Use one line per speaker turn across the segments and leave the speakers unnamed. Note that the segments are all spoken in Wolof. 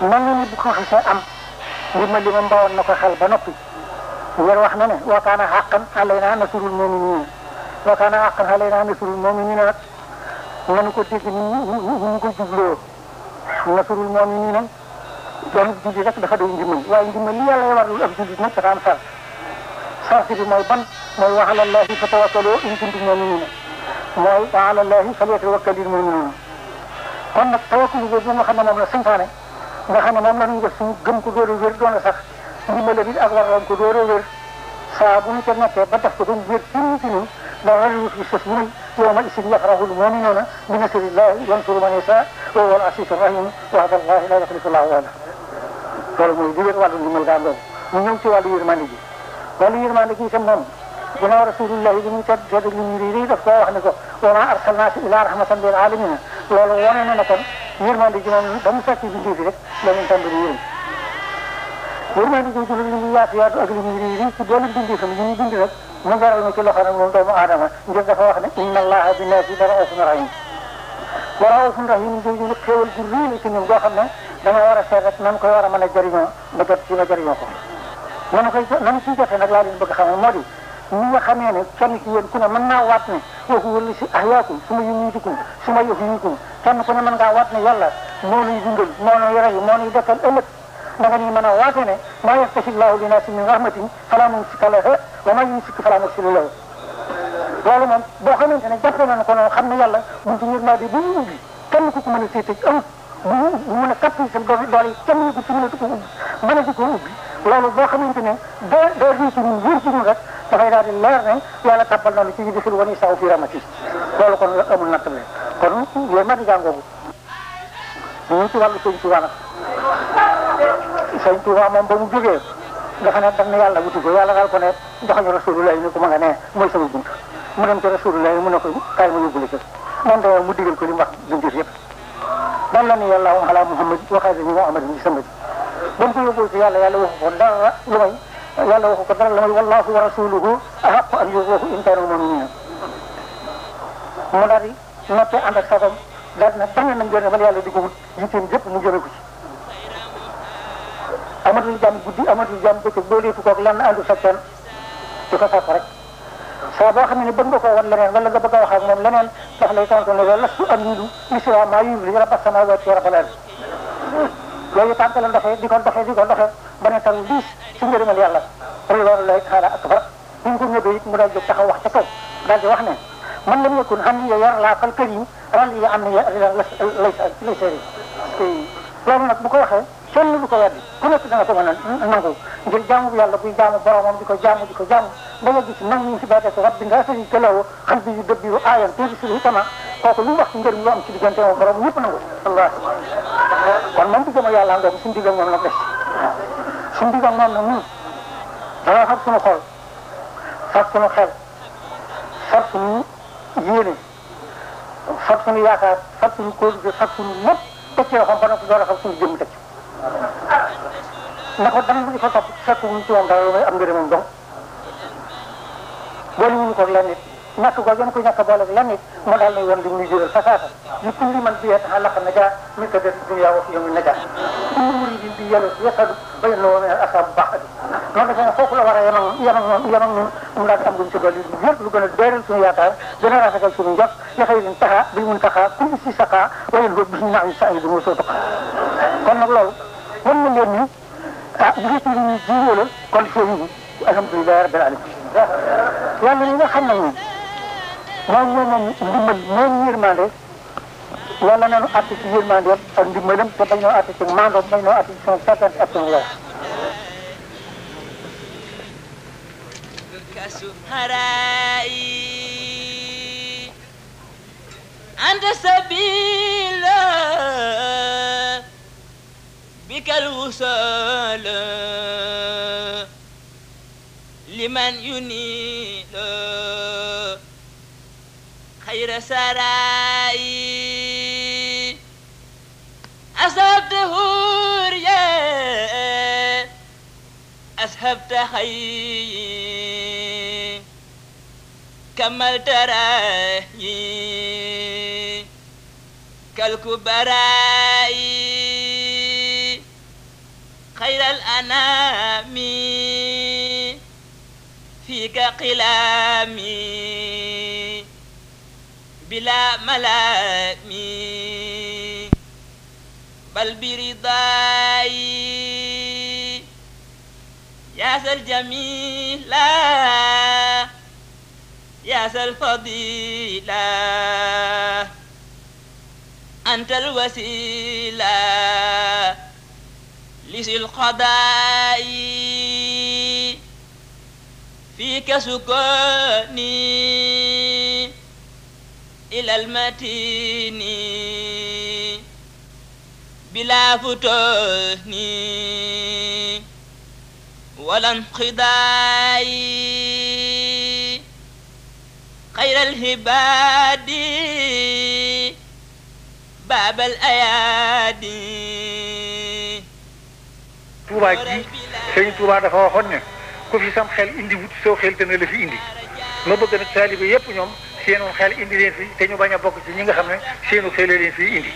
mel na ni bu ko xasee am ndimbal li ma mbawoon na ko xel ba noppi weer wax na ne wa kaana haqqan alaynaa nasrul mu'miniin wa kaana haqqan alaynaa nasrul mu'miniin nag nanu ko dégg ni ñu ko jubloo nasrul mu'miniin doon julli rek dafa doy ndimbal waaye ndimbal li yàlla warul ab jullit nag dafa am sar sar bi mooy ban mooy wa ala llaahi fatawakkalu in kuntum mu'miniin mooy wa ala llaahi falyatawakkalil mu'minuun kon nag tawakkul boobu nga xam ne moom la santaane nga xam ne moom la ñuy def suñu gëm ko dóor a wér doon a sax ndimbale bi ak waroon ko dóor a wér saa bu ñu ca nekkee ba def ko ba mu wér ci ñun ci ñun loolu la ñuy fi sëf yi yow ma isin yafrahul muminuuna bi nasrillahi yansuru man yasaa wa huwa al-aziizu rahim wa'da llaahi laa yuxlifu llaahu wa'dah loolu mooy li wér wàllu ndimbal daa doon ñu ñëw ci wàllu yërmande ji wàllu yërmande ji itam moom ginnaaw rasulillahi bi muy tedd tedd ñu ngi daf koo wax ne ko wa maa arsalnaaka illaa rahmatan lil aalamiina loolu wane na ne kon yërmande ji moom ba mu sotti bindee fi rek la ñu tàmbali yërëm yërmande jooju nag li muy yaatu yaatu ak li muy rëy rëy ci doole bindee fi mu ñuy bind rek mu garal ma ci loxo nag moom doomu aadama ngir dafa wax ne inna allaha bi naasi dara awsun rahim dara awsun rahim jooju nag xéewal ju rëy la ci ñun boo xam ne dama war a seet rek nan koy war a mën a jëriñoo ba jot ci ma jëriñoo ko. nan koy nan ciy jotee nag laa leen bëgg xamal moo di ñi nga xamee ne kenn ci yéen ku ne mën naa waat ne kooku wëlli si ahyaakum su ma yumiitukum su ma yuhyiikum kenn ku ne mën ngaa waat ne yàlla moo nuy dundal moo nuy rey moo nuy dekkal ëllëg da nga ñuy mën a waate ne maa yaxtashi llaahu li naasi min rahmatin falaa mumsika lahaa wa maa yumsik falaa mursila lahu loolu moom boo xamante ne jàppe nañu ko noonu xam ne yàlla buntu yërmande bu ku ko mën a féete amut bu mu bu mën a capté sa ku ci mën a ko ubbi mën a ko ubbi loolu boo xamante ne doo doo réussir ñun wér dafay daal di leer ne yàlla tàbbal na lu ci yudxil wa ni saw fi ramati loolu kon amul nattale kon yooyu ma di jàngoogu ñu ci wàllu sëñ Tuubaa nag sëñ Tuubaa moom ba mu jógee dafa ne dañ ne yàlla wuti ko yàlla daal ko ne joxoñu ni ko ma nga ne mooy sama bunt mu dem ci rasulullah mu ne ko kaay ma yóbbule moom da mu digal ko li mu wax jundir yëpp dan ni yàlla ala muhammad waxaat ni muhammad bi sama ba mu ko yóbbul ci yàlla yàlla waxu ko dara lu may yàlla waxu ko dara la may wallaahu wa rasuluhu ahaqu an yurduhu in kaanu muminina
mu daal di
noppee ànd ak sagam daal di ne tànn nañ génn bala yàlla di ko wut yitteem yëpp mu jëme ko ci. amatul jàmm guddi amatul jàmm bëccëg doo leetu koog lan àndu sa kenn di ko sàpp rek saa boo xam ne bëgg nga koo wan leneen wala nga bëgg a wax ak moom leneen ndax lay tontu ne lastu amiidu li siwaa maa yuriidu rabba samaawaati wa rabbal ardi yooyu tànk la ndoxee di ko ndoxee di ko ndoxee ba ne taru diis ci ngërëmal yàlla loolu lay xaala akbar bu ñu ko ñëwee it mu daal jóg taxaw wax ca kaw daal di wax ne man lam yakun xam ne yar laa fal karim ral yi am na lay lay seri loolu nag bu ko waxee kenn du ko weddi ku nekk dana ko mën a nangu ngir jaamu yàlla buy jaamu boromam di ko jaamu di ko jaamu ba yegg ci nag ñu si baatee ko rabbi nga sëriñ kalaw xam bi yu dëbbi yu aayam teel si yu tama kooku lu mu wax ci ngërëm lu am ci diggante moom borom ñëpp nangu. kon moom di jëm yàlla ngoom suñu diggante moom la des. su ndigal noonu la ñun danaa fab suñu xol fab suñu xel fab suñu yéene fab suñu yaakaar fab suñu kóolute fab suñu lépp teg ci loxoom ba noppi a fab suñu jëmm teg ci na ko dam di ko topp fekk wuñ ci woon dara lu am ngërëmam dong boole wuñ ko lenn nit ñàkk ko gën ko ñàkk boole lenn nit mu daal lay wan li muy jural fasaasa li kulli man bi yataxallaq najaa min qadari dunya wa fi yawmi najaa muridin bi yàlla yaqadu bayna wa bayna asab bu baax a ji loolu dafay ne foofu la war a yem ak yem ak moom yem ak ñun mu daal di am lu ñu si dolli lu wér lu gën a dëral suñu yaakaar gën a rafetal suñu njot yaxey lin taxaa bi mun taxaa kulli si saqaa wayun boobu bis ñu naan sa ay bi mu soo toq kon nag loolu wan mu leen ni ah bu fekkee ni ñu jiwoo la condition yi alhamdulilah rabbil alamin yàlla li nga xam nag ñun moom moom moom ndimbal moom yërmande yàlla na nu àtt ci yërmandeem ak ndimbalam te bañ noo àtt ci maandoom bañ noo àtt ci son
sakkante ak son leer.
أنت سبيل بك الوصال لمن ينيل خير سرائي أسهبت هوريا أسهبت حي كملت راهي كالكبراء خير الأنام فيك قلامي بلا ملام قلبي رضاي يا ذا الجميل يا ذا الفضيلة أنت الوسيلة لذي القضاء فيك سكوني إلى المتين بلا فتون ولا انقضاء خير الهباد باب الأيادي
Touba ji Sëriñ Touba dafa waxoon ne ku fi sam xel indi wut soo xel dana la fi indi ma bëgg nag taalibe yépp ñoom seenu xel indi leen fi te ñu bañ a bokk ci ñi nga xam ne seenu xel leen fi indi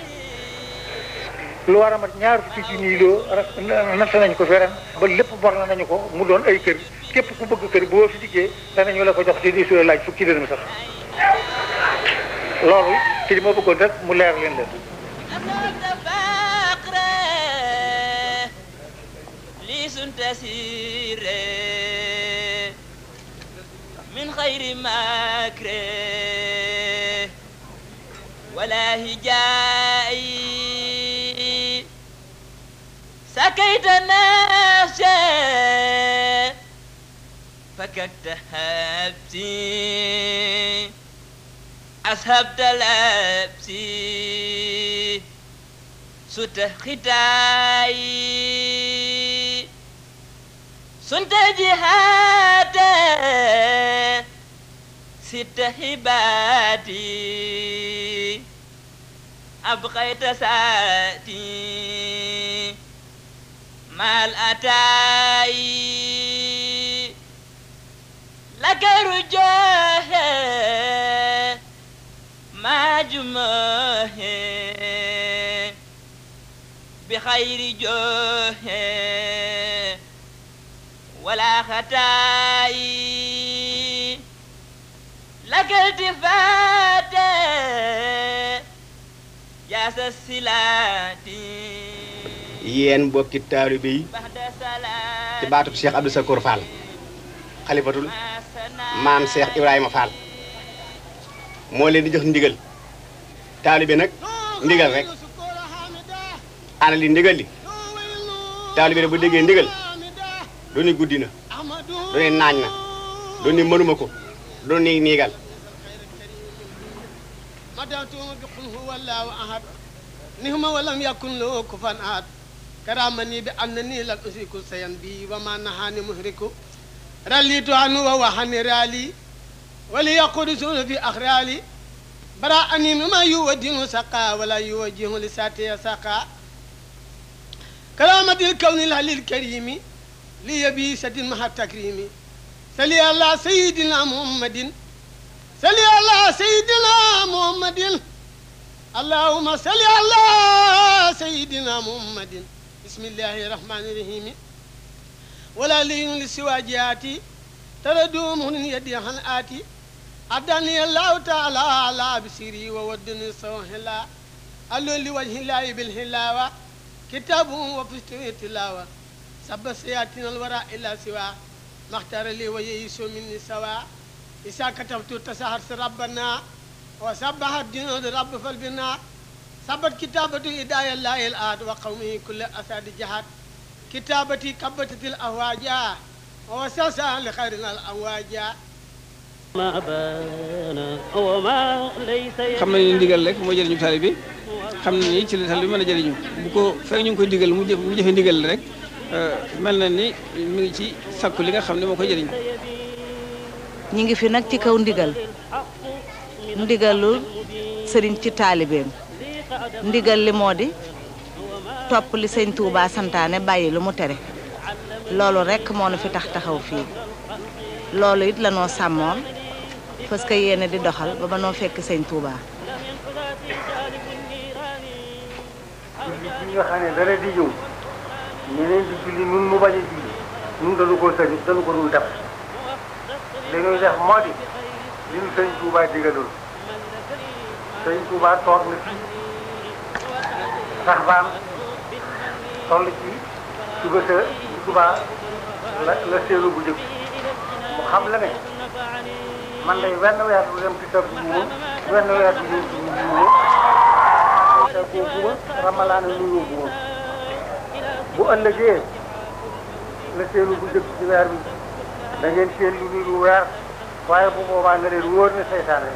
lu war a mat ñaar fukki junniy loo natt nañ ko fi ba lépp bor na nañu ko mu doon ay kër képp ku bëgg kër boo fi dikkee danañu la ko jox ci di su laaj fukki dërëm sax loolu ci li ma bëggoon rek mu leer leen
leen من خير مكر ولا هجاء ليتناشى فككت هبتي أسهبت لابسي ست ختاي سنت جهادا ست هباتي أبقيت ساتي ما الأتاي لك رجاه ما جماه بخير جاه ولا خطاي لك التفات يا سسلاتي
yéen mbokki taalibe yi ci baatub Cheikh Abdou Sakour xalifatul maam Cheikh Ibrahima Fall moo leen di jox ndigal taalibe nag ndigal rek ana li ndigal li taalibe nag bu déggee ndigal du guddi na du ni naañ na du mënuma ko du niigal karaama nii bi am na nii lan usiku sayan bi wa ma nahaani muhriku rallitu anu wa waxani raali wali yaqudi suuna fi axraali bara ani mima yuwa dinu saqa wala yuwa jihu li saatiya saqa karaamatil kawni lhalil karimi li yabi sadin maha takrimi sali allah sayidina muhammadin sali allah sayidina muhammadin allahuma sali allah sayidina muhammadin bismillahi rahmaani rahimi wala liyun li siwaajiyaati tara doomunin yadi han aati addani allahu taala ala bisiri wa waddini saw hila allo li wajhi lahi bil kitabu wa fistiri tilawa sabba sayatin alwara ila siwa maxtara li wa yeiso minni sawa isa katabtu tasahar si rabbana wa sabbahat junud rabb fal bina sabat kitaabati hidaaya laayil aad wa qawmi kulle asaadi jahaat kitaabati kabatatil ahwaaja wa sasa li xayrina al awaaja xam nañu ndigal rek moo jëriñu taalibe bi xam na ni ci la taalibe bi mën a jëriñu bu ko fekk ñu ngi koy digal mu jëfe ndigal rek euh, mel na ni mu ngi ci sakku li nga xam ne moo koy jëriñ
ñi ngi fi nag ci kaw ndigal ndigalul sëriñ ci taalibeem ndigal li moo di topp li sëñ Touba santaane bàyyi lu mu tere loolu rekk moo nu fi tax taxaw fii loolu it lanoo sàmmoon parce que yéene di doxal ba ba noo fekk sëñ Touba.
ñi nga xam toog na fii. saxbaam toll ci suba sa subaa la la seenu bu njëkk mu xam la ne man day wenn weer bu dem ci sa bu mu wenn bu dem bu weer bi da ngeen seen lu nuru weer waaye bu boobaa nga leen wóor ne seytaane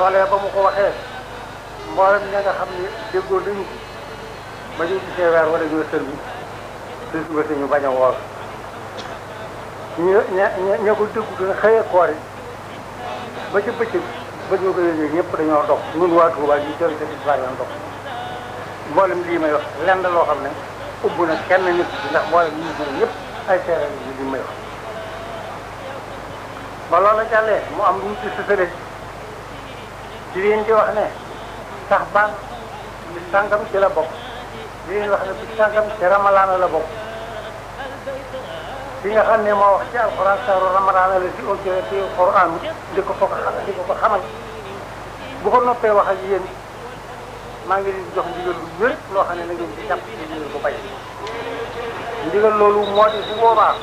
loolee ba mu ko waxee mboolem ña nga xam ne déggoo nañu ko ba ñu gisee weer wala ñoo sër bi suñ ko ñu bañ a woor ñu ña ña ko déggu xëyee koor yi ba ci bëccëg ba ñu ko yónnee ñëpp dañoo dox ñun waa Touba ñu jël ci bari yoon dox mboolem lii may wax loo xam ne ubbu na kenn nit ndax mboolem ñu gën ñëpp ay seere yi li may wax ba loola jàllee mu am lu ñu ci sësale di leen di wax ne sax ban bis sàngam ci la bokk li leen wax ne bis sàngam ci ramalaana la bokk
li nga xam ne moo wax
ci alxuraan saaru ramalaana la ci aujore ci alxuraan di ko ko di ko ko xamal bu ko noppee wax ak yéen maa ngi leen jox ndigal lu wér loo xam ne na ngeen ci jàpp ci ndigal bu bay ndigal loolu moo di bu boobaa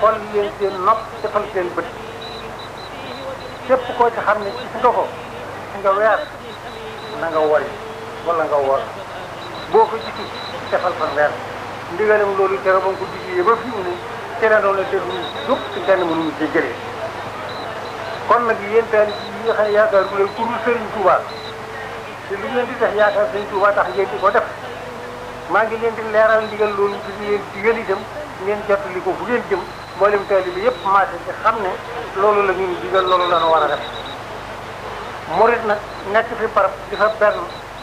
xool leen seen nopp defal seen bët képp koo ci xam ne gis nga ko gis nga weer na nga wari wala nga war boo ko jiitu defal fanweer ndigalam loolu tere ba nga ko diglee ba fi mu ne tere doon la déglu yëpp ci kenn mënuñu ci jëlee kon nag yéen taalibe yi nga xam yaakaar bu leen ku dul Sëriñ Tuubaa te lu ngeen di def yaakaar Sëriñ Tuubaa tax ngeen di ko def maa ngi leen di leeral ndigal loolu di leen digal itam ngeen jottali ko fu ngeen jëm mboolem taalibe bi yëpp maa ci xam ne loolu la ñuy digal loolu la war a def. murit nag nekk fi barab di fa benn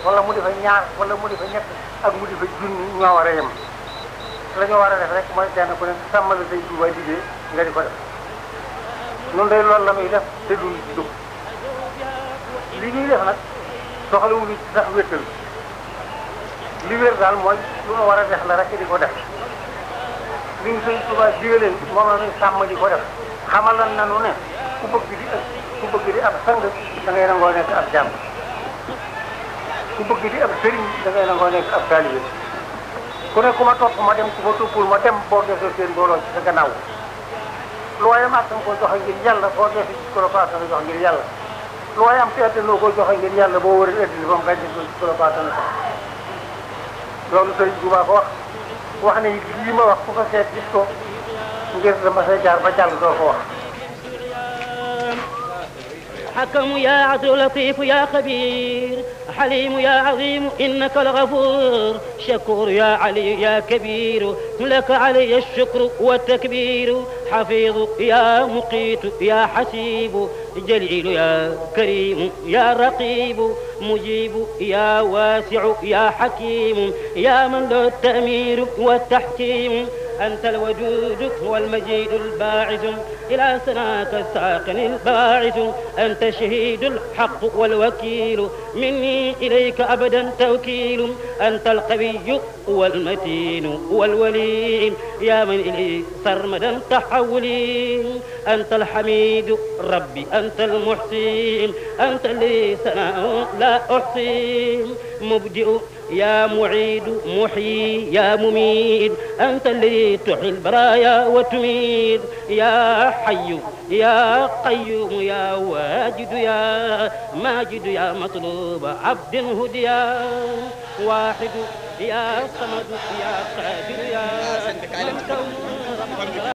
wala mu di fa ñaar wala mu di fa ñett ak mu di fa junni ñoo war a yem la war a def rek mooy kenn ku ne sàmmala day duwaa liggéey nga di ko def nun day loolu la muy def te li ñuy def nag soxlawuñu ci sax wéttal li wér daal mooy lu nu war a def la rek di ko def li ñu Sëñ Tuubaa digaleen moom la ñuy sàmm di ko def xamal lan na nu bëgg di ab sang da ngay nangoo nekk ab jàmm ku bëgg di ab sëriñ da ngay nangoo nekk ab ku ne ku ma topp ma dem ku ma toppul ma dem boo desoo seen mbooloo ci sa gannaaw lu waaye am attan ko ko la ko attan jox ngir yàlla lu waaye am te ko jox ngir yàlla boo wëree addina ba mu gàncax gi ci ko la ko attan jox loolu sëriñ Tuubaa ko wax wax ne lii ma wax ku ko seet gis ko ngir dama say jaar ba jàll doo ko wax.
حكم يا عدل لطيف يا خبير حليم يا عظيم إنك لغفور شكور يا علي يا كبير لك علي الشكر والتكبير حفيظ يا مقيت يا حسيب جليل يا كريم يا رقيب مجيب يا واسع يا حكيم يا من له التأمير والتحكيم أنت الوجود والمجيد الباعث إلى سناك الساقن الباعث أنت الشهيد الحق والوكيل مني إليك أبدا توكيل أنت القوي والمتين والولي يا من إليك سرمدا تحولي أنت الحميد ربي أنت المحسين أنت لي سناء لا أحصي مبدئ يا معيد محيي يا مميد أنت الذي تحيي البرايا وتميد يا حي يا قيوم يا واجد يا ماجد يا مطلوب عبد هديا واحد يا صمد يا قادر يا من كونه